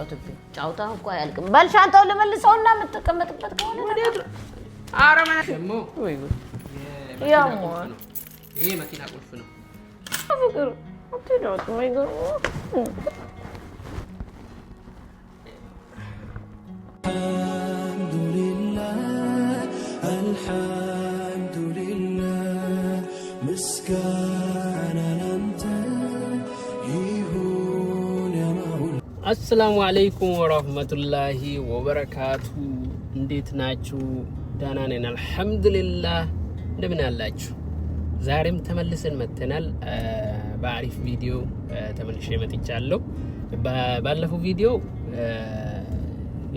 አትጫወትብኝ። ጫውታ እኮ አያልቅም። በል ሻንጣውን ልመልሰው እና የምትቀመጥበት ከሆነ መኪና ቁልፍ ነው። አሰላሙ አለይኩም ወረህመቱላሂ ወበረካቱ። እንዴት ናችሁ? ዳና ነን አልሐምዱሊላህ። እንደምን አላችሁ? ዛሬም ተመልሰን መጥተናል። በአሪፍ ቪዲዮ ተመልሼ መጥቻለሁ። ባለፈው ቪዲዮ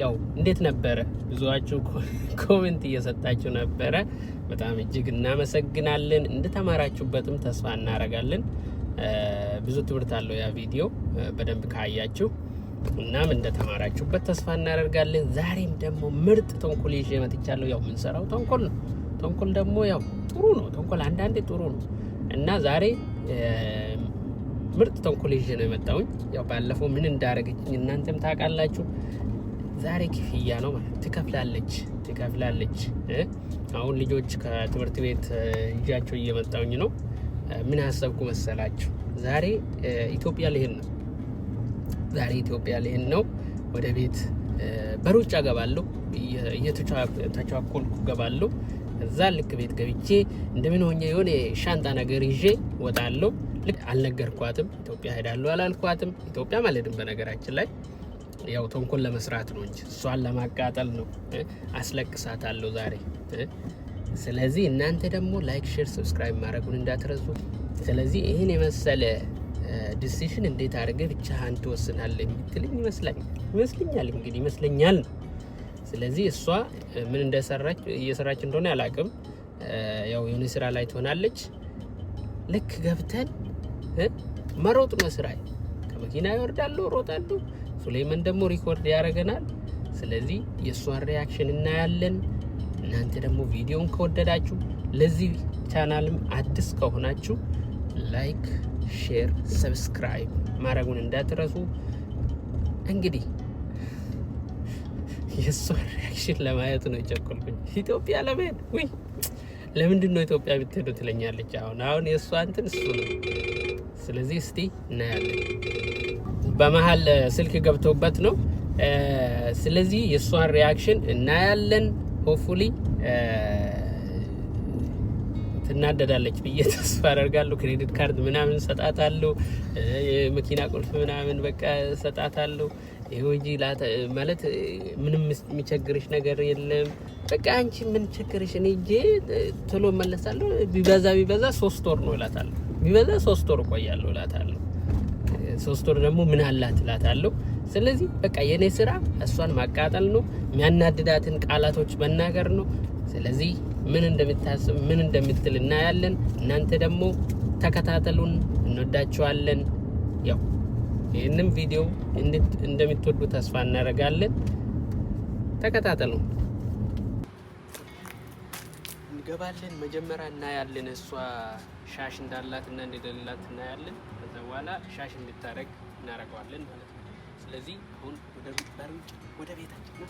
ያው እንዴት ነበረ? ብዙዎቻችሁ ኮሜንት እየሰጣችሁ ነበረ። በጣም እጅግ እናመሰግናለን። እንደተማራችሁበትም ተስፋ እናደርጋለን። ብዙ ትምህርት አለው ያ ቪዲዮ በደንብ ካያችሁ እናም እንደተማራችሁበት ተስፋ እናደርጋለን። ዛሬም ደግሞ ምርጥ ተንኮል ይዤ መጥቻለሁ። ያው የምንሰራው ተንኮል ነው። ተንኮል ደግሞ ያው ጥሩ ነው። ተንኮል አንዳንዴ ጥሩ ነው እና ዛሬ ምርጥ ተንኮል ይዤ ነው የመጣውኝ። ያው ባለፈው ምን እንዳደረገችኝ እናንተም ታውቃላችሁ። ዛሬ ክፍያ ነው ማለት ትከፍላለች ትከፍላለች። አሁን ልጆች ከትምህርት ቤት ይዣቸው እየመጣውኝ ነው። ምን አሰብኩ መሰላችሁ? ዛሬ ኢትዮጵያ ልሄድ ነው ዛሬ ኢትዮጵያ ልሄድ ነው። ወደ ቤት በሩጫ ገባለሁ፣ እየተቻኮልኩ ገባለሁ። እዛ ልክ ቤት ገብቼ እንደምን ሆኜ የሆነ ሻንጣ ነገር ይዤ ወጣለሁ። ልክ አልነገርኳትም፣ ኢትዮጵያ ሄዳለሁ አላልኳትም። ኢትዮጵያ ማለትም በነገራችን ላይ ያው ተንኮል ለመስራት ነው እንጂ እሷን ለማቃጠል ነው። አስለቅሳታለሁ ዛሬ። ስለዚህ እናንተ ደግሞ ላይክ፣ ሼር፣ ሰብስክራይብ ማድረጉን እንዳትረሱ። ስለዚህ ይህን የመሰለ ዲሲሽን እንዴት አድርገህ ብቻህን ትወስናለህ የምትለኝ ይመስላኛል ይመስለኛል እንግዲህ ይመስለኛል ነው። ስለዚህ እሷ ምን እንደሰራች እየሰራች እንደሆነ አላውቅም። ያው የሆነ ስራ ላይ ትሆናለች። ልክ ገብተን መሮጥ ነው ስራ። ከመኪና ይወርዳሉ፣ ሮጣሉ። ሱሌይመን ደግሞ ሪኮርድ ያደርገናል። ስለዚህ የእሷን ሪያክሽን እናያለን። እናንተ ደግሞ ቪዲዮን ከወደዳችሁ ለዚህ ቻናልም አዲስ ከሆናችሁ ላይክ ሼር፣ ሰብስክራይብ ማድረጉን እንዳትረሱ። እንግዲህ የእሷን ሪያክሽን ለማየት ነው የቸኮልኩኝ። ኢትዮጵያ ለመሄድ ውይ ለምንድን ነው ኢትዮጵያ ብትሄዱ ትለኛለች። አሁን አሁን የእሷ እንትን እሱ ነው። ስለዚህ እስቲ እናያለን። በመሀል ስልክ ገብተውበት ነው። ስለዚህ የእሷን ሪያክሽን እናያለን ሆፕፉሊ ትናደዳለች ብዬ ተስፋ አደርጋለሁ። ክሬዲት ካርድ ምናምን ሰጣታለሁ፣ የመኪና ቁልፍ ምናምን በቃ ሰጣታለሁ። ይኸው እንጂ ማለት ምንም የሚቸግርሽ ነገር የለም። በቃ አንቺ ምን ቸግርሽ? እኔ እጄ ቶሎ መለሳለሁ። ቢበዛ ቢበዛ ሶስት ወር ነው እላታለሁ። ቢበዛ ሶስት ወር እቆያለሁ እላታለሁ። ሶስት ወር ደግሞ ምን አላት እላታለሁ። ስለዚህ በቃ የእኔ ስራ እሷን ማቃጠል ነው፣ የሚያናድዳትን ቃላቶች መናገር ነው። ስለዚህ ምን እንደምታስብ ምን እንደምትል እናያለን። እናንተ ደግሞ ተከታተሉን፣ እንወዳችኋለን። ያው ይህንም ቪዲዮ እንደምትወዱ ተስፋ እናደርጋለን። ተከታተሉ። እንገባለን። መጀመሪያ እናያለን፣ እሷ ሻሽ እንዳላት እና እንደሌላት እናያለን። ከዛ በኋላ ሻሽ እንድታደርግ እናደርገዋለን ማለት ነው። ስለዚህ አሁን ወደ ቤታችን ነው።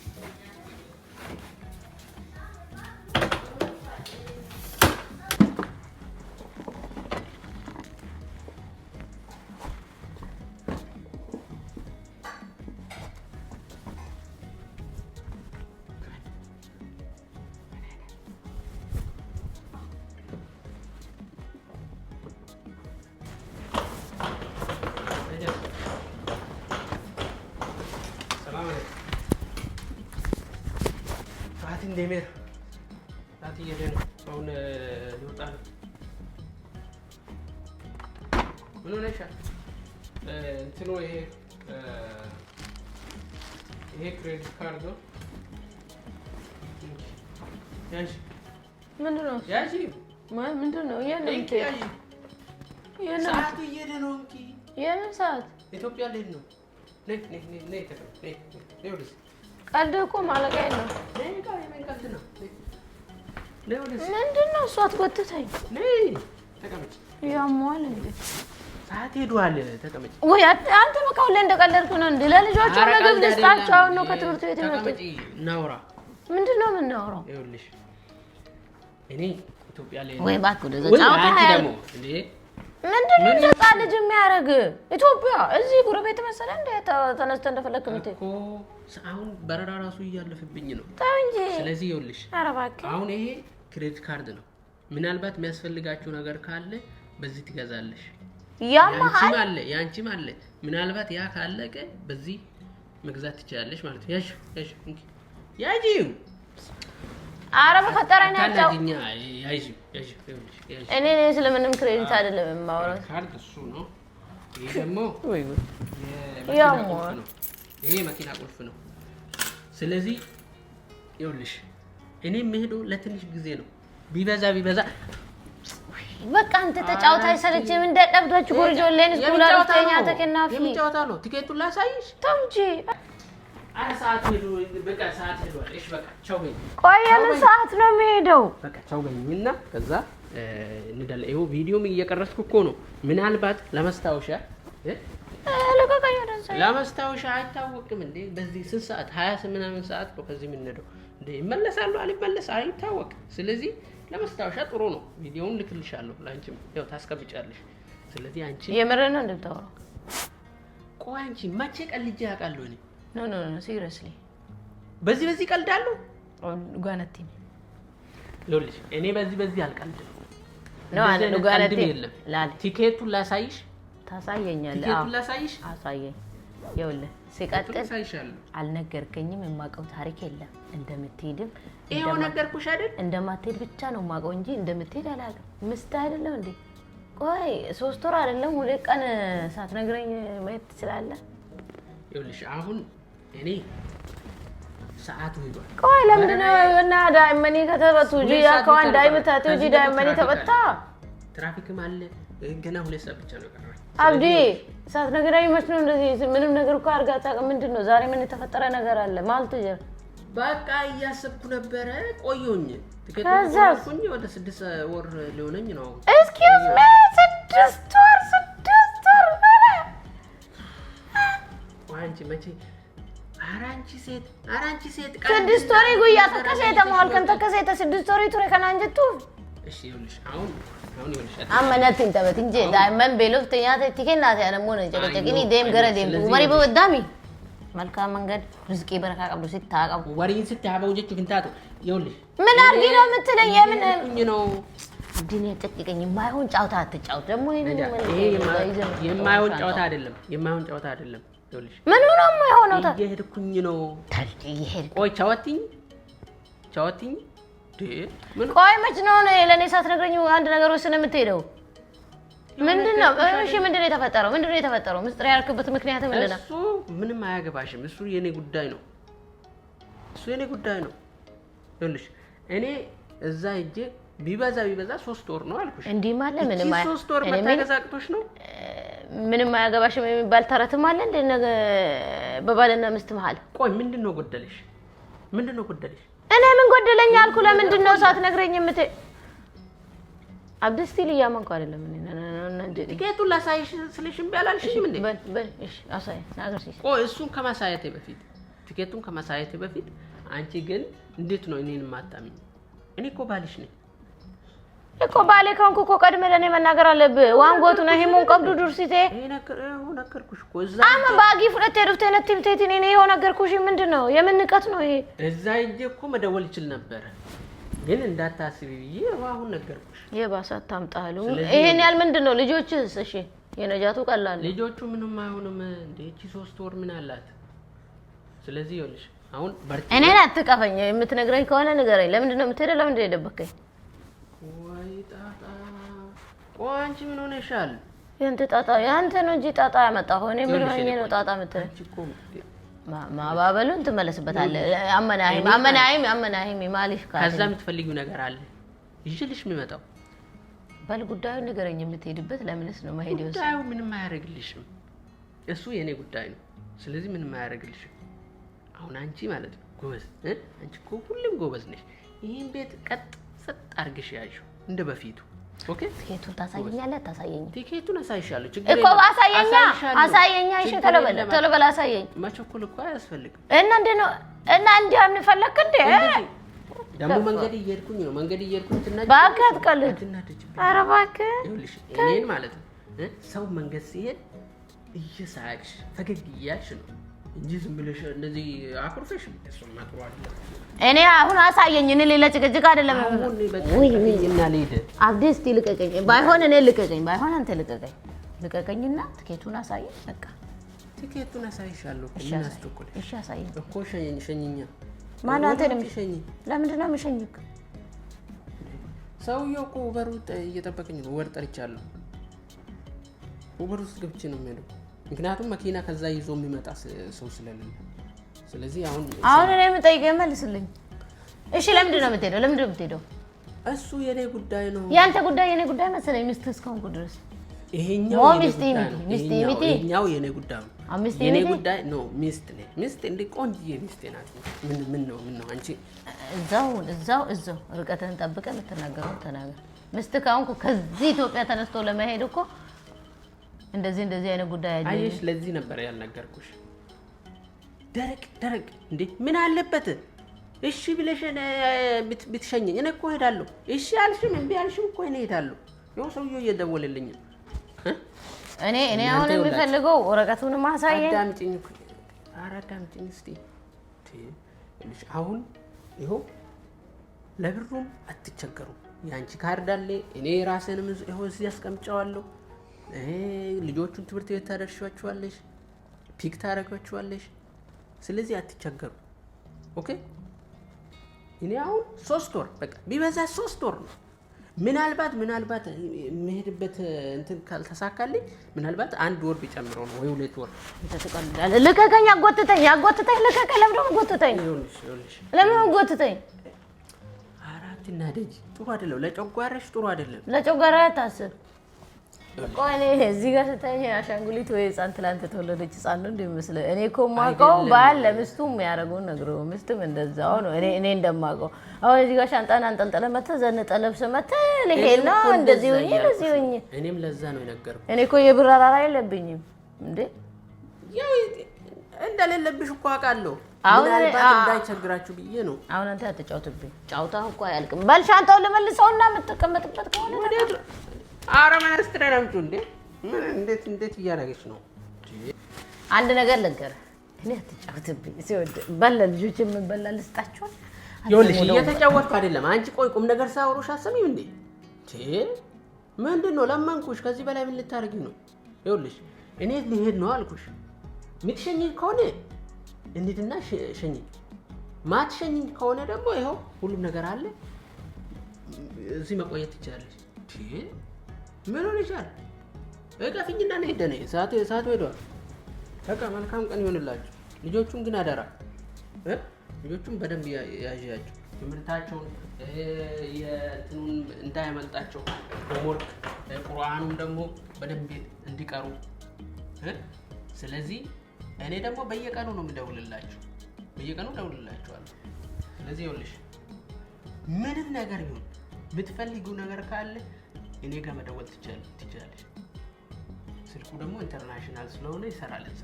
እንደሚያ ጣት እየሄደ ነው። አሁን ሊወጣ ነው። ምን ሆነሻል? እንትኑ ይሄ ይሄ ክሬዲት ካርድ ነው። ያዥ። ምንድን ነው ያዥ? ምንድን ነው ሰዓቱ እየሄደ ነው። የምን ሰዓት? ኢትዮጵያ ልሄድ ነው። ነይ ነይ ነይ ቀልድህ እኮ ማለቃዬ ነው። ምንድን ነው እሷ አትጎትተኝ። ያሟል እንዴ ሰዓት ሄዷል። ተቀመጭ አንተ በቃ ሁሌ እንደቀለድኩ ነው እንዴ? ለልጆቹ ምግብ ልስጣቸው። አሁን ነው ከትምህርት ቤት የመጡት። እናውራ። ምንድን ነው የምናውራው? ይኸውልሽ እኔ ኢትዮጵያ ላይ ወይ እባክህ ወደ እዛ ልጅ የሚያደርግ ኢትዮጵያ እዚህ ጉረቤት መሰለህ እንደ ተነስተህ እንደፈለግህ የምትሄድ አሁን በረራ ራሱ እያለፍብኝ ነው። እንጂ። ስለዚህ ይኸውልሽ አሁን ይሄ ክሬዲት ካርድ ነው። ምናልባት የሚያስፈልጋቸው ነገር ካለ በዚህ ትገዛለሽ። ያንቺም አለ ያንቺም አለ። ምናልባት ያ ካለቀ በዚህ መግዛት ትችላለሽ ማለት ነው። ያሽ ያሽ ያጂ አረ በፈጠረ ነው ያጫው ያጂ ያጂ እኔ ስለምንም ክሬዲት አይደለም የማወራው ካርድ እሱ ነው። ይሄ ደግሞ ወይ ወይ ይሄ መኪና ቁልፍ ነው። ስለዚህ ይኸውልሽ እኔ የምሄደው ለትንሽ ጊዜ ነው። ቢበዛ ቢበዛ በቃ አንተ ተጫውታ አይሰለችም። እንደ ጠብታችሁ ጎርጆ ለን ስኩላርተኛ ተከናፊ የሚጫወታ ነው። ቲኬቱን ላሳይሽ። ተው እንጂ አንድ ሰዓት ሄዱ። በቃ ሰዓት ሄዱ። እሺ በቃ ቻው በይ። ቆይ ያንን ሰዓት ነው የሚሄደው። በቃ ቻው በይና ከዛ እንደለ ይኸው ቪዲዮም እየቀረስኩ እኮ ነው። ምናልባት ለመስታወሻ ለማስታወሻ አይታወቅም እንዴ? በዚህ ስንት ሰዓት ሀያ ምናምን ሰዓት ነው ከዚህ የምንሄደው እንዴ? ይመለሳሉ አልመለስ አይታወቅ። ስለዚህ ለማስታወሻ ጥሩ ነው። ቪዲዮውን ልክልሻለሁ፣ ለአንቺም ያው ታስቀብጫለሽ። ስለዚህ አንቺ የምርህን ነው እንደምታወራው። ቆይ አንቺ መቼ ቀልጄ አውቃለሁ እኔ? ኖ ኖ ኖ፣ ሲሪየስሊ በዚህ በዚህ ቀልዳሉ ጓነቴ ሎልሽ እኔ በዚህ በዚህ አልቀልድም። ቲኬቱን ላሳይሽ ታሳየኛለህ? አሳየኝ። ይኸውልህ ሲቀጥል አልነገርከኝም። የማውቀው ታሪክ የለም። እንደምትሄድም ይኸው ነገርኩሽ አይደል? እንደማትሄድ ብቻ ነው የማውቀው እንጂ እንደምትሄድ አላውቅም። ምስት አይደለም እንዴ? ቆይ ሶስት ወር አይደለም ሁለት ቀን ሳትነግረኝ ማየት ትችላለህ? ይኸውልሽ አሁን እኔ ቆይ ለምንድን እና ዳይመኒ ከተረቱ ጂ ያከዋን ዳይመታቱ ጂ ዳይመኒ ተበታ ትራፊክም አለ ገና ሁለት ሰዓት ብቻ ነው አብዲ ሳትነግረኝ መች ነው እንደዚህ? ምንም ነገር እኮ አድርጋ አታውቅም። ምንድን ነው ዛሬ? ምን የተፈጠረ ነገር አለ? ማለት ጀር በቃ እያሰብኩ ነበረ ቆየሁኝ። ትኬትኩኝ ወደ ስድስት ወር ሊሆነኝ ነው። ኤስኪውዝ ስድስት ወር ስድስት ወር ሆነ። አንቺ መቼ ኧረ አንቺ ሴት ኧረ አንቺ ሴት ስድስት ወር ጉያ ተከሴተ መዋልከን ተከሴተ ስድስት ወር ቱሬ ከናንጀቱ አመነትን ተበት እንጂ ዳይመን ቤሎፍተኛ ቲኬና ያነሞ ጨቀጨቂኒ ደም ገረ ደም ኡመሪ በወዳሚ መልካም መንገድ ርዝቄ በረካ ቀብዱ ሲታቀቡ ወሬን ስትሀበው ጀች ግንታቱ ይኸውልሽ፣ ምን አድርጊ ነው የምትለኝ? የምን ነው ድን ያጨቅጭቀኝ። የማይሆን ጫውታ አትጫውት ደግሞ የማይሆን ጫውታ አይደለም፣ የማይሆን ጫውታ አይደለም። ምን ሆኖ የማይሆነው እየሄድኩኝ ነው። ቆይ ቻወትኝ ቻወትኝ ቆይ መች ነው ለእኔ ሳትነግረኝ አንድ ነገሮች የምትሄደው ምንድን ነው እሺ? ምንድን ነው የተፈጠረው? ምንድን ነው የተፈጠረው? ምስጢር ያልክበት ምክንያት ምንድን ነው? እሱ ምንም አያገባሽም። እሱ የኔ ጉዳይ ነው። እሱ የኔ ጉዳይ ነው። ይኸውልሽ እኔ እዛ ሂጅ ቢበዛ ቢበዛ ሶስት ወር ነው አልኩሽ። እንዲህ ማለ ምንም አይ ሶስት ወር መታገዛቅቶሽ ነው። ምንም አያገባሽም የሚባል ተረትም አለ እንደ በባልና ምስት መሀል። ቆይ ምንድን ነው ጎደለሽ? ምንድን ነው ጎደለሽ? እኔ ምን ጎደለኝ አልኩ። ለምንድን ነው ሳትነግረኝ የምትሄድ? አብድ እያመንኩ አይደለም። ጌጡን ላሳይሽ ስልሽ እምቢ አላልሽኝም እሱን ከማሳየቴ በፊት ትኬቱን ከማሳየቴ በፊት አንቺ ግን እንዴት ነው እኔን ማታሚኝ? እኔ እኮ ባልሽ ነኝ። እኮ ባሌ ከሆንኩ እኮ ቀድሜ ለእኔ መናገር አለብህ። ዋንጎቱ ነው ሂሙን ቀብዱ ዱርሲቴ አመ ባጊ ፍለቴ ፍለት ሄዱፍቴ ነትምቴት እኔ ይኸው ነገርኩሽ። ምንድን ነው የምንቀት ነው ይሄ? እዛ ሂጅ እኮ መደወል ይችል ነበረ፣ ግን እንዳታስቢ ብዬ አሁን ነገርኩሽ። የባሰ አታምጣሉ። ይሄን ያህል ምንድን ነው ልጆችስ? እሺ የነጃቱ ቀላል ልጆቹ ምንም አይሆንም። እንደ እቺ ሶስት ወር ምን አላት? ስለዚህ ይኸውልሽ አሁን እኔን አትቀፈኝ። የምትነግረኝ ከሆነ ንገረኝ። ለምንድን ነው የምትሄደው? ለምንድን ነው የደበከኝ? ቆይ አንቺ ምን ሆነሻል? ያንተ ጣጣ ያንተ ነው እንጂ ጣጣ ያመጣሁ እኔ ምን ሆኜ ነው ጣጣ የምትለው? ማባበሉን ትመለስበታለህ። አመናሂም አመናሂም አመናሂም ማሊሽ ካለ ከዛ የምትፈልጊው ነገር አለ ይዤልሽ የምመጣው በል ጉዳዩን ንገረኝ። የምትሄድበት ለምንስ ነው መሄድ? ጉዳዩ ምንም አያደርግልሽም። እሱ የእኔ ጉዳይ ነው። ስለዚህ ምንም አያደርግልሽም። አሁን አንቺ ማለት ነው ጎበዝ፣ አንቺ እኮ ሁሉም ጎበዝ ነሽ። ይህን ቤት ቀጥ ሰጥ አድርግሽ ያዥው እንደ በፊቱ ትኬቱን ታሳየኛለህ አታሳየኝም? ትኬቱን አሳይሻለሁ እኮ አሳየኛ አሳየኛ። እሺ ቶሎ በል ቶሎ በል አሳየኝ። መቸኮል እኮ አያስፈልግም። እና እንዴት ነው እና እንዲያምን ፈለክ እንዴ? ደግሞ መንገድ እየሄድኩኝ ነው መንገድ እየሄድኩኝ ትናደጅ። እባክህ አትቀልድ። ኧረ እባክህ እኔን ማለት ነው ሰው መንገድ ሲሄድ እየሳቅሽ ፈገግ እያልሽ ነው እንጂ ዝም ብለሽ እንደዚህ አኩርፈሽ እሱማ ጥሩ አይደለም። እኔ አሁን አሳየኝ። እኔ ሌላ ጭቅጭቅ አይደለም። አብዴ እስኪ ልቀቀኝ፣ ባይሆን እኔ ልቀቀኝ፣ ባይሆን አንተ ልቀቀኝ። ልቀቀኝና ትኬቱን አሳየኝ። በቃ ትኬቱን አሳይሻለሁ። እሺ አሳየኝ እኮ ሸኝኛ ማነው? አንተ ለምንድን ነው የምሸኝህ? ሰውዬው እኮ ውበሩ እየጠበቀኝ ነው። ወር ጠርቻለሁ። ውበር ውስጥ ገብቼ ነው የሚሄደው ምክንያቱም መኪና ከዛ ይዞ የሚመጣ ሰው ስለሌለ፣ ስለዚህ አሁን አሁን እኔ የምጠይቀኝ መልስልኝ። እሺ፣ ለምንድን ነው የምትሄደው? ለምንድን ነው የምትሄደው? እሱ የኔ ጉዳይ ነው። ያንተ ጉዳይ የኔ ጉዳይ መሰለኝ። ሚስት እስከሆንኩ ድረስ ይሄኛው የኔ ጉዳይ ነው። የኔ ጉዳይ ነው። ሚስት ነኝ። ሚስት እንዲህ ቆንጆዬ ሚስት ናት። ምን ምን ነው ምን ነው? አንቺ እዛው እዛው እዛው ርቀትን ጠብቀ የምትናገረው ተናገር። ሚስትህ ከሆንኩ ከዚህ ኢትዮጵያ ተነስቶ ለመሄድ እኮ እንደዚህ እንደዚህ አይነት ጉዳይ አለ። አየሽ፣ ለዚህ ነበር ያልነገርኩሽ። ደረቅ ደረቅ እንዴ! ምን አለበት? እሺ ብለሽ ብትሸኘኝ እኔ እኮ እሄዳለሁ። እሺ አልሽም እምቢ አልሽም እኮ እኔ እሄዳለሁ። ይኸው ሰውዬው እየደወለልኝ እኔ እኔ አሁን የሚፈልገው ወረቀቱን ማሳየኝ። አዳምጪኝ ኧረ አዳምጪኝ እስኪ። አሁን ይኸው ለብሩም አትቸገሩም። የአንቺ ካርድ አለ እኔ ራሴንም ይኸው እዚህ አስቀምጨዋለሁ ልጆቹን ትምህርት ቤት ታደርሻችኋለሽ፣ ፒክ ታደረጋችኋለሽ። ስለዚህ አትቸገሩ። ኦኬ። እኔ አሁን ሶስት ወር በቃ ቢበዛ ሶስት ወር ነው። ምናልባት ምናልባት የምሄድበት እንትን ካልተሳካልኝ ምናልባት አንድ ወር ቢጨምረው ነው ወይ ሁለት ወር። ልቀቀኝ፣ አጎትተኝ፣ አጎትተኝ፣ ልቀቀኝ። ለምን ጎትተኝ? ለምን ጎትተኝ? አራት እናደጅ ጥሩ አይደለም፣ ለጨጓራሽ ጥሩ አይደለም። ለጨጓራ ታስብ ቆይ እኔ እዚህ ጋር ስታይ አሻንጉሊት ወይ ህፃን ትላንት የተወለደች ህፃን ነው እንደሚመስለው። እኔ እኮ የማውቀው ባል ለሚስቱ የሚያደርገውን ነግሮ ምስትም እንደዛው ነው። እኔ እኔ እንደማውቀው አሁን እዚህ ጋር ሻንጣን አንጠልጠለ መተ ዘንጠ ለብሰ መተ ልሄና እንደዚህ ሆኜ እንደዚህ ሆኜ እኔም ለዛ ነው የነገርኩት። እኔ እኮ የብር አራራ የለብኝም እንዴ እንደሌለብሽ እኮ አውቃለሁ። እንዳይቸግራችሁ ብዬ ነው። አሁን አንተ አትጫውትብኝ። ጫውታ እኮ አያልቅም። በል ሻንጣውን ልመልሰውና የምትቀመጥበት ከሆነ ኧረ መነስትር ለምጩ እንዴ! ምን እንዴት እንዴት እያደረገች ነው? አንድ ነገር ልንገርህ፣ እኔ አትጫወትብኝ። ሲወድ በል ለልጆች የምንበላ ልስጣችኋል። ይኸውልሽ እየተጫወትኩ አይደለም። አንቺ ቆይ ቁም ነገር ሳወሩሽ አሰሚም እንዴ? ምንድን ነው ለመንኩሽ። ከዚህ በላይ ምን ልታደርጊ ነው? ይኸውልሽ እኔ ሊሄድ ነው አልኩሽ። ምትሸኝ ከሆነ እንሂድና ሸኝ፣ ማትሸኝ ከሆነ ደግሞ ይኸው ሁሉም ነገር አለ። እዚህ መቆየት ትችላለች። ምን ሆነሻል? በቃ ፍኝና ነው ሄደነ ሰዓት ሰዓት ሄዷል። በቃ መልካም ቀን ይሆንላችሁ። ልጆቹን ግን አደራ ልጆቹን በደንብ ያዥያቸው። ትምህርታቸውን የትኑን እንዳያመልጣቸው ሆምወርክ፣ ቁርአኑም ደግሞ በደንብ እንዲቀሩ። ስለዚህ እኔ ደግሞ በየቀኑ ነው የምደውልላችሁ፣ በየቀኑ እደውልላችኋለሁ። ስለዚህ ይኸውልሽ ምንም ነገር ቢሆን የምትፈልጊው ነገር ካለ እኔ ጋር መደወል ትችላለች። ስልኩ ደግሞ ኢንተርናሽናል ስለሆነ ይሰራልን።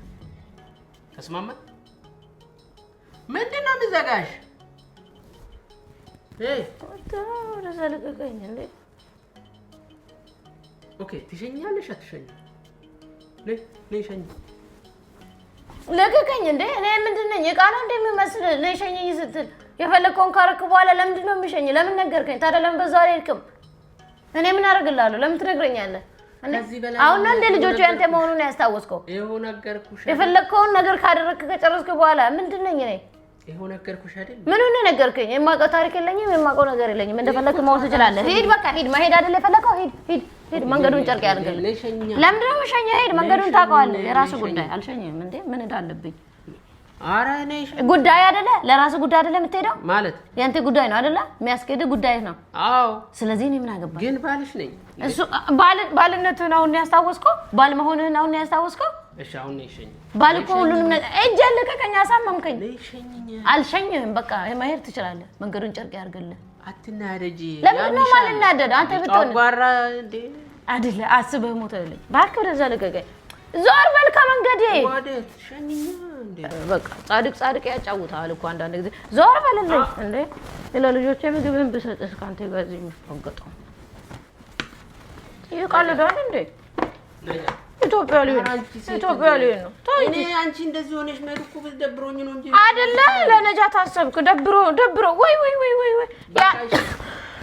ተስማማን? ምንድን ነው የምዘጋሽ? ወደዛ ልቀቀኝ። ኦኬ፣ ትሸኛለሽ? አትሸኝም? ነይ ሸኝ። ልቀቀኝ እንዴ! እኔ ምንድን ነኝ? እቃ ነው እንደሚመስል ነይ ሸኘኝ ስትል የፈለግከውን ካረክ በኋላ ለምንድን ነው የሚሸኝ? ለምን ነገርከኝ ታዲያ? ለምን በዛው አልሄድክም? እኔ ምን አደርግልሃለሁ? ለምን ትነግረኛለህ? አሁን ነው እንደ ልጆቹ ያንተ መሆኑን ያስታወስከው? የፈለግከውን ነገር ካደረግክ ከጨረስክ በኋላ ምንድን ነኝ እኔ? ምን ሆነ ነገርከኝ? የማውቀው ታሪክ የለኝም፣ የማውቀው ነገር የለኝም። እንደፈለግክ መሆን ትችላለህ። ሂድ፣ በቃ ሂድ። መሄድ አይደል የፈለግከው? ሂድ፣ ሂድ፣ ሂድ። መንገዱን ጨርቅ ያድርግልህ። ለምንድን ነው የምሸኘው? ሂድ፣ መንገዱን ታውቀዋለህ። የራስህ ጉዳይ። አልሸኝም እንዴ? ምን እንዳለብኝ ጉዳይ አይደለ? ለራሱ ጉዳይ አይደለ? የምትሄደው ማለት ያንተ ጉዳይ ነው አይደለ? የሚያስኬድ ጉዳይ ነው። አዎ። ስለዚህ እኔ ምን አገባኝ? ግን ባልሽ ነኝ። እሱ ባል ባልነትህን አሁን ያስታወስከው፣ ባል መሆንህን አሁን ያስታወስከው። እሺ፣ አሁን ይሸኝ። ባል እኮ ሁሉንም ነገር እጅ አለቀቀኝ፣ አሳመምከኝ። አልሸኝህም። በቃ መሄድ ትችላለህ። መንገዱን ጨርቅ ያድርግልህ። አትናደጂ። ለምን ነው የማልናደድ? አንተ ብትሆን አይደለ? አስበህ ሞተልኝ። እባክህ ወደዛ ልቀቀኝ። ዞር በል ከመንገዴ። በቃ ጻድቅ ጻድቅ ያጫውታል እኮ አንዳንድ ጊዜ። ዞር በልልኝ እንዴ! ለልጆቼ ምግብን ብሰጥስ ከአንተ ጋር የሚፈገጠው ይቀልዳል እንዴ? ኢትዮጵያ ሊሆን ኢትዮጵያ ሊሆን ነው። እኔ አንቺ እንደዚህ ሆነሽ መሄድ ደብሮኝ ነው እንጂ አይደለ። ለነጃ ታሰብክ ደብሮ ደብሮ ወይ ወይ ወይ ወይ ወይ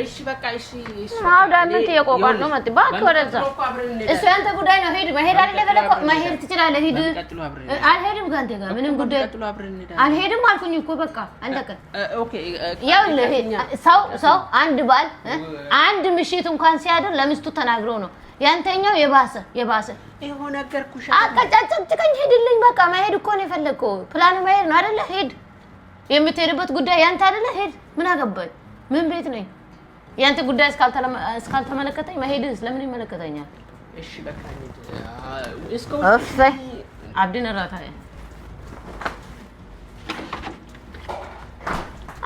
እሺ በቃ እሺ እሺ አውዳ ምን ትየቆቋል ነው ማለት እባክህ፣ ወደዛ እሱ ያንተ ጉዳይ ነው። ሂድ፣ መሄድ አይደለ በለቆ መሄድ ትችላለህ። ሂድ። አልሄድም ከአንተ ጋር ምንም ጉዳይ አልሄድም አልኩኝ እኮ በቃ አለቀ። ኦኬ ይኸውልህ፣ ሰው ሰው አንድ ባል አንድ ምሽት እንኳን ሲያድር ለሚስቱ ተናግሮ ነው ያንተኛው የባሰ የባሰ ይሄው ነገርኩሽ። አቀጫጭቅጭቀኝ ሂድልኝ። በቃ መሄድ እኮ ነው የፈለከው። ፕላኑ መሄድ ነው አይደለ? ሂድ። የምትሄድበት ጉዳይ ያንተ አይደለ? ሂድ። ምን አገባኝ? ምን ቤት ነኝ ያንተ ጉዳይ እስካልተመለከተኝ መሄድ ስለምን ይመለከተኛል? አብድን እራታ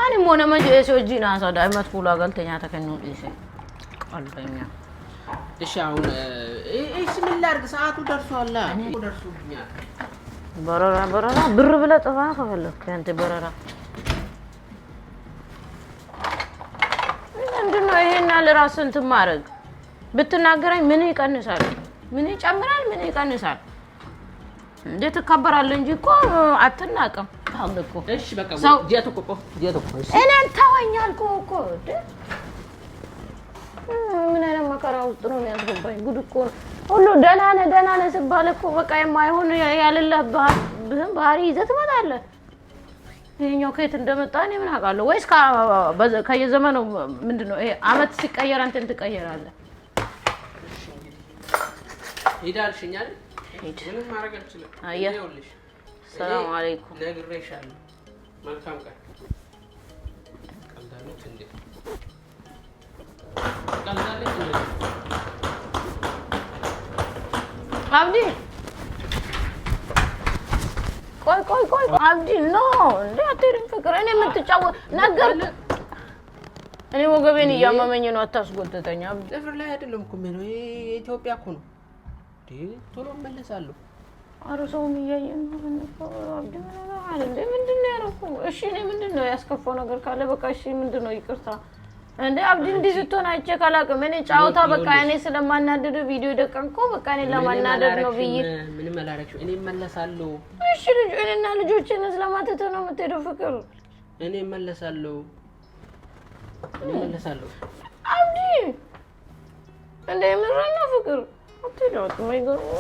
አንም ሆነ መጀ የሶጂ ናሳ ዳይመት ኩላ አገልተኛ ተከኑ ዲሴ ቀልበኛ እሺ አሁን እሺ ምን ላድርግ? ሰዓቱ ደርሷል። በረራ በረራ ብር ብለህ ጥፋ ከፈለክ ያንተ በረራ ይሻል ራስ እንትን ማድረግ ብትናገረኝ ምን ይቀንሳል? ምን ይጨምራል? ምን ይቀንሳል? እንዴ ትከበራለህ እንጂ እኮ አትናቅም። እኔን ተወኝ አልኩህ እኮ። ምን አይነት መከራ ውስጥ ነው የሚያስገባኝ? ጉድ እኮ ነው ሁሉ። ደህና ነህ ደህና ነህ ስባል እኮ በቃ የማይሆን ያልልህ ብህም ባህሪ ይዘህ ትመጣለህ። ይሄኛው ከየት እንደመጣ እኔ ምን አውቃለሁ? ወይስ ከየዘመኑ ምንድን ነው ይሄ? አመት ሲቀየር አንተን ትቀየራለህ። ሄዳልሽኛል። ምንም ማድረግ አልችልም። ይኸውልሽ፣ ሰላም አለይኩም ነግሬሻለሁ። መልካም ቀን። ቀልዳለች እንዴ? ቀልዳለች እንዴ? አብዲ ቆይ ቆይ ቆይ አብዲ ኖ እንደ አትሄድም። ፍቅር እኔ የምትጫወት ነገር እኔ ወገቤን እያመመኝ ነው። አታስጎተተኝ አብዲ። ጥፍር ላይ አይደለም እኮ ምን ኢትዮጵያ እኮ ነው። ቶሎ እመለሳለሁ። ኧረ ሰውም እያየን አብዲ ምን ምንድን ነው ያደረኩ? እሺ እኔ ምንድን ነው ያስከፋው ነገር ካለ በቃ እሺ፣ ምንድን ነው ይቅርታ እንደ አብዲ እንዲህ ስትሆን አይቼ ካላቅም እኔ ጫወታ በቃ እኔ ስለማናደድ ቪዲዮ ደቀንኩ። በቃ እኔ ለማናደድ ነው ብዬ ምንም አላረግሽም። እኔ እመለሳለሁ። እሺ ልጅ እኔና ልጆችን ስለማትተው ነው የምትሄደው ፍቅር። እኔ እመለሳለሁ፣ እኔ እመለሳለሁ። አብዲ እንደ የምራ ነው ፍቅር አትሄደው ማይገርሙ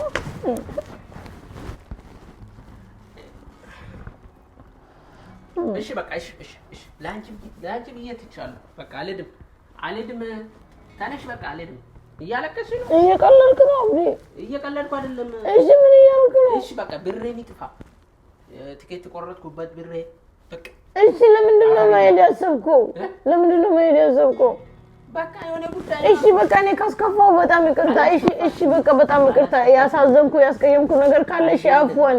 እሺ በቃ እሺ እሺ እሺ፣ ላንቺ ላንቺ ብዬ ትቻለሁ። በቃ አልሄድም አልሄድም፣ ተነሽ በቃ አልሄድም። እያለቀሽ ነው። እየቀለድክ ነው። እየቀለድኩ አይደለም። እሺ ምን እያልክ ነው? እሺ በቃ ብሬ ይጥፋ፣ ትኬት ቆረጥኩበት ብሬ በቃ። እሺ ለምንድን ነው መሄድ ያሰብከው? ለምንድን ነው መሄድ ያሰብከው? እሺ በቃ እኔ ካስከፋው በጣም ይቅርታ። እሺ እሺ በቃ በጣም ይቅርታ። ያሳዘንኩ ያስቀየምኩ ነገር ካለ እሺ አፍወን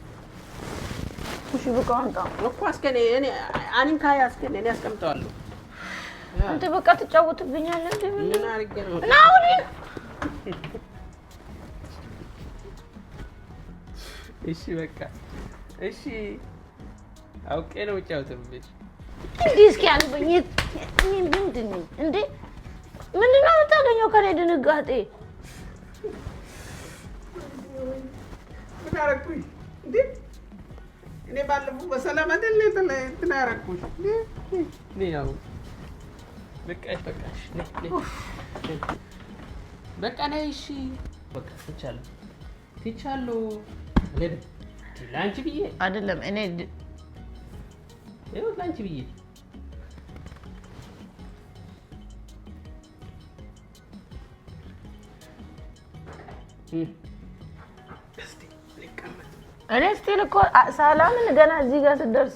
እሺ በቃ እኮ እኔ አኒን እኔ አስቀምጠዋለሁ። አንተ በቃ ትጫወትብኛለህ እንዴ? ምን ነው እና እሺ በቃ እሺ፣ አውቄ ነው የምጫወትብሽ። እንዲህ እስኪ አልበኝ። ምንድን ነው እንዴ? ምንድን ነው የምታገኘው ከኔ ድንጋጤ? ምን አደረኩኝ? እኔ ባለፈው በሰላም አይደል እንትን ያደረኩት። በቃ ነይ። እሺ በቃ ትቻለሁ ትቻለሁ። ለአንቺ ብዬ አይደለም እኔ ይኸው ለአንቺ ብዬ እኔ ስቲል እኮ ሰላምን ገና እዚህ ጋር ስደርስ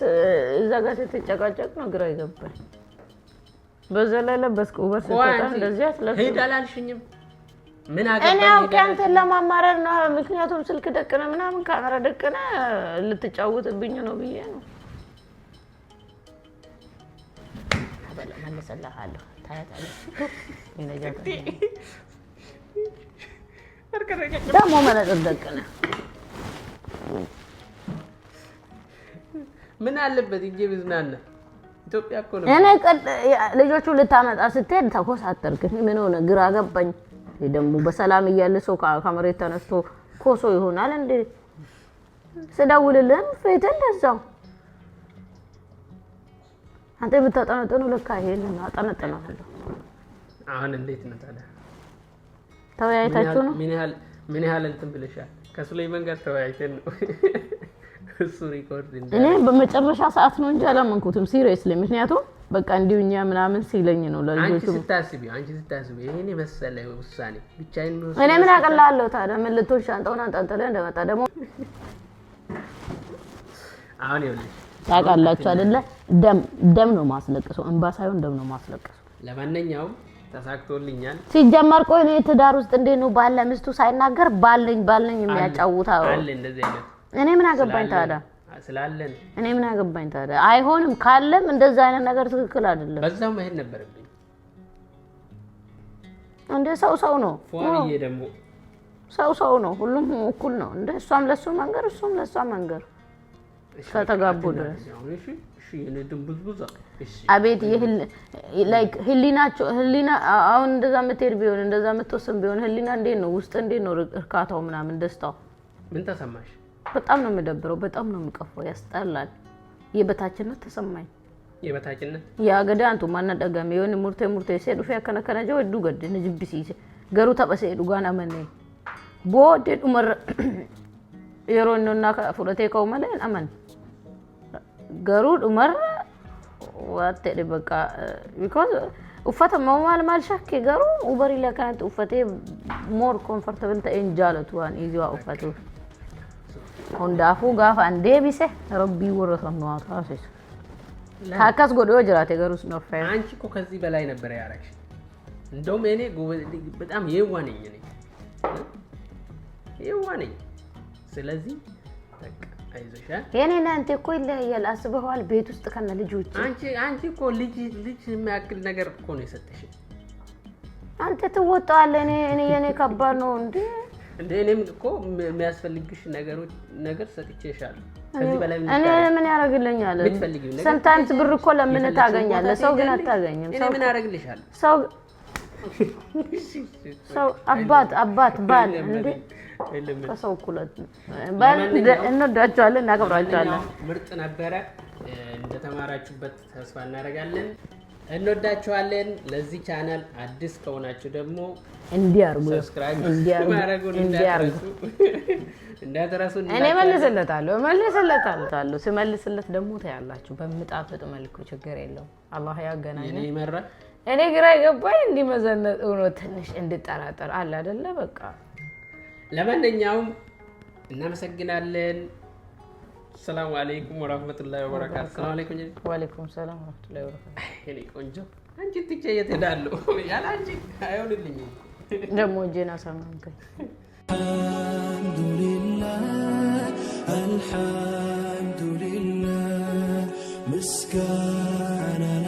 እዛ ጋር ስትጨቃጨቅ ነው ግራ ይገባል። በዛ ላይ ለበስክ እንደዚህ አትለብስም። አላልሽኝም? እኔ አውቄ አንተን ለማማረር ነው። ምክንያቱም ስልክ ደቅነ ምናምን ካሜራ ደቅነ ልትጫወትብኝ ነው ብዬ ነው። መልስልሃለሁ። ታያታለሽ ደግሞ መነጽር ደቅነ ምን አለበት እጄ ብዝናና? እኔ ልጆቹ ልታመጣ ስትሄድ ተኮሳተርክ። ምን ሆነ ግራ ገባኝ። ደግሞ በሰላም እያለ ሰው ከመሬት ተነስቶ ኮሶ ይሆናል እንዴ? ስደውልልህም ፌት እንደዛው አንተ ብታጠነጥኑ ለካ ይሄን አጠነጥናለሁ። አሁን እንዴት ነው ታዲያ? ተወያይታችሁ ነው? ምን ያህል እንትን ብለሻል? ከሱሌይማን ጋር ተወያይተን ነው እሱ ሪኮርድ እኔ በመጨረሻ ሰዓት ነው እንጂ አላመንኩትም ሲሪየስሊ። ምክንያቱም በቃ እንዲሁ እኛ ምናምን ሲለኝ ነው ለልጆቹ ስታስቢ፣ አንቺ ስታስቢ ይሄን የመሰለ ውሳኔ ብቻዬን እኔ ምን አቀላለሁ ታዲያ? ምን ልትሆን ሻንጣውን አንጠልጥለ እንደመጣ ደግሞ አሁን ይኸውልሽ ታውቃላችሁ አይደለ? ደም ደም ነው ማስለቅሰው፣ እንባ ሳይሆን ደም ነው ማስለቅሰው። ለማንኛውም ተሳክቶልኛል። ሲጀመር ቆይ ነው የትዳር ውስጥ እንዴት ነው ባለ ለሚስቱ ሳይናገር ባልኝ ባልኝ የሚያጫውታ አለ። እንደዚህ አይነት እኔ ምን አገባኝ ታዲያ ስላለን እኔ ምን አገባኝ ታዲያ። አይሆንም ካለም እንደዛ አይነት ነገር ትክክል አይደለም። በዛው መሄድ ነበረብኝ። እንደ ሰው ሰው ነው። ፏሪዬ ደግሞ ሰው ሰው ነው። ሁሉም እኩል ነው። እንደ እሷም ለሱ መንገር እሱም ለሷ መንገር ከተጋቡ ድረስ አቤት ህሊናቸው ህሊና አሁን እንደዛ የምትሄድ ቢሆን እንደዛ የምትወስን ቢሆን ህሊና እንዴት ነው ውስጥ እንዴት ነው እርካታው ምናምን ደስታው ምን ተሰማሽ? በጣም ነው የምደብረው። በጣም ነው የሚቀፈው። ያስጠላል። የበታችነት ተሰማኝ። የበታችነት ያ አንቱ ማና ደጋም የሆነ ሙርቴ ሙርቴ ሴዱ ፊያ ከነ ከነ ጀው ዱ ገድ ገሩ ተበሰ ዱ ጋና ቦ ደ ዱመር የሮን ነና ከፍረቴ አመን garuu dhumarra waan ta'e bakka because uffata immoo maal maal shakke garuu ubariila kanatti uffatee more comfortable ta'een jaalatu waan izi waa uffatuuf. Hundaafuu gaafa an deebise rabbii warra sannu haa taasisu. Akkas godhoo jiraate garuu sin offee. አንቺ እኮ ከዚህ በላይ ነበረ ያደረግሽ። እንደውም እኔ በጣም የዋ ነኝ እኔ የዋ ነኝ። ስለዚህ ተይዞሽ የኔና አንተ እኮ ይለያያል። አስበዋል። ቤት ውስጥ ከነ ልጆች አንቺ አንቺ እኮ ልጅ ልጅ የሚያክል ነገር እኮ ነው የሰጠሽ። አንተ ትወጣለህ። እኔ እኔ የኔ ከባድ ነው እንዴ እንዴ እኔም እኮ የሚያስፈልግሽ ነገሮች ነገር ሰጥቼሻለሁ። እኔ ምን ያደርግልኛል? ሰምታይምስ ብር እኮ ለምን ታገኛለህ? ሰው ግን አታገኝም። እኔ ምን ያደርግልሻለሁ? ሰው ሰው አባት አባት ባል እንዴ ከሰው እኩል እንወዳቸዋለን፣ እናከብራቸዋለን። ምርጥ ነበረ። እንደተማራችሁበት ተስፋ እናደርጋለን። እንወዳቸዋለን ለዚህ ቻናል አዲስ ከሆናችሁ ደግሞ እንዲያርጉ እንዳትረሱ። እኔ መልስለታለሁ መልስለታለሁ። ስመልስለት ደግሞ ታያላችሁ በምጣፍጥ መልኩ። ችግር የለውም። አላህ ያገናኘን። እኔ ግራ የገባኝ እንዲመዘነ ሆኖ ትንሽ እንድጠራጠር አለ አይደለ በቃ ለማንኛውም እናመሰግናለን። ሰላም አለይኩም ወራህመቱላሂ ወበረካቱ። ሰላም አለይኩም ወአለይኩም ሰላም ወራህመቱላሂ ወበረካቱ። እኔ ቆንጆ አንቺ ትቼ የት ሄዳለሁ? ያለ አንቺ አይሆንልኝም። ደግሞ እጄን አሳመምከኝ። አልሐምዱሊላህ አልሐምዱሊላህ ምስጋና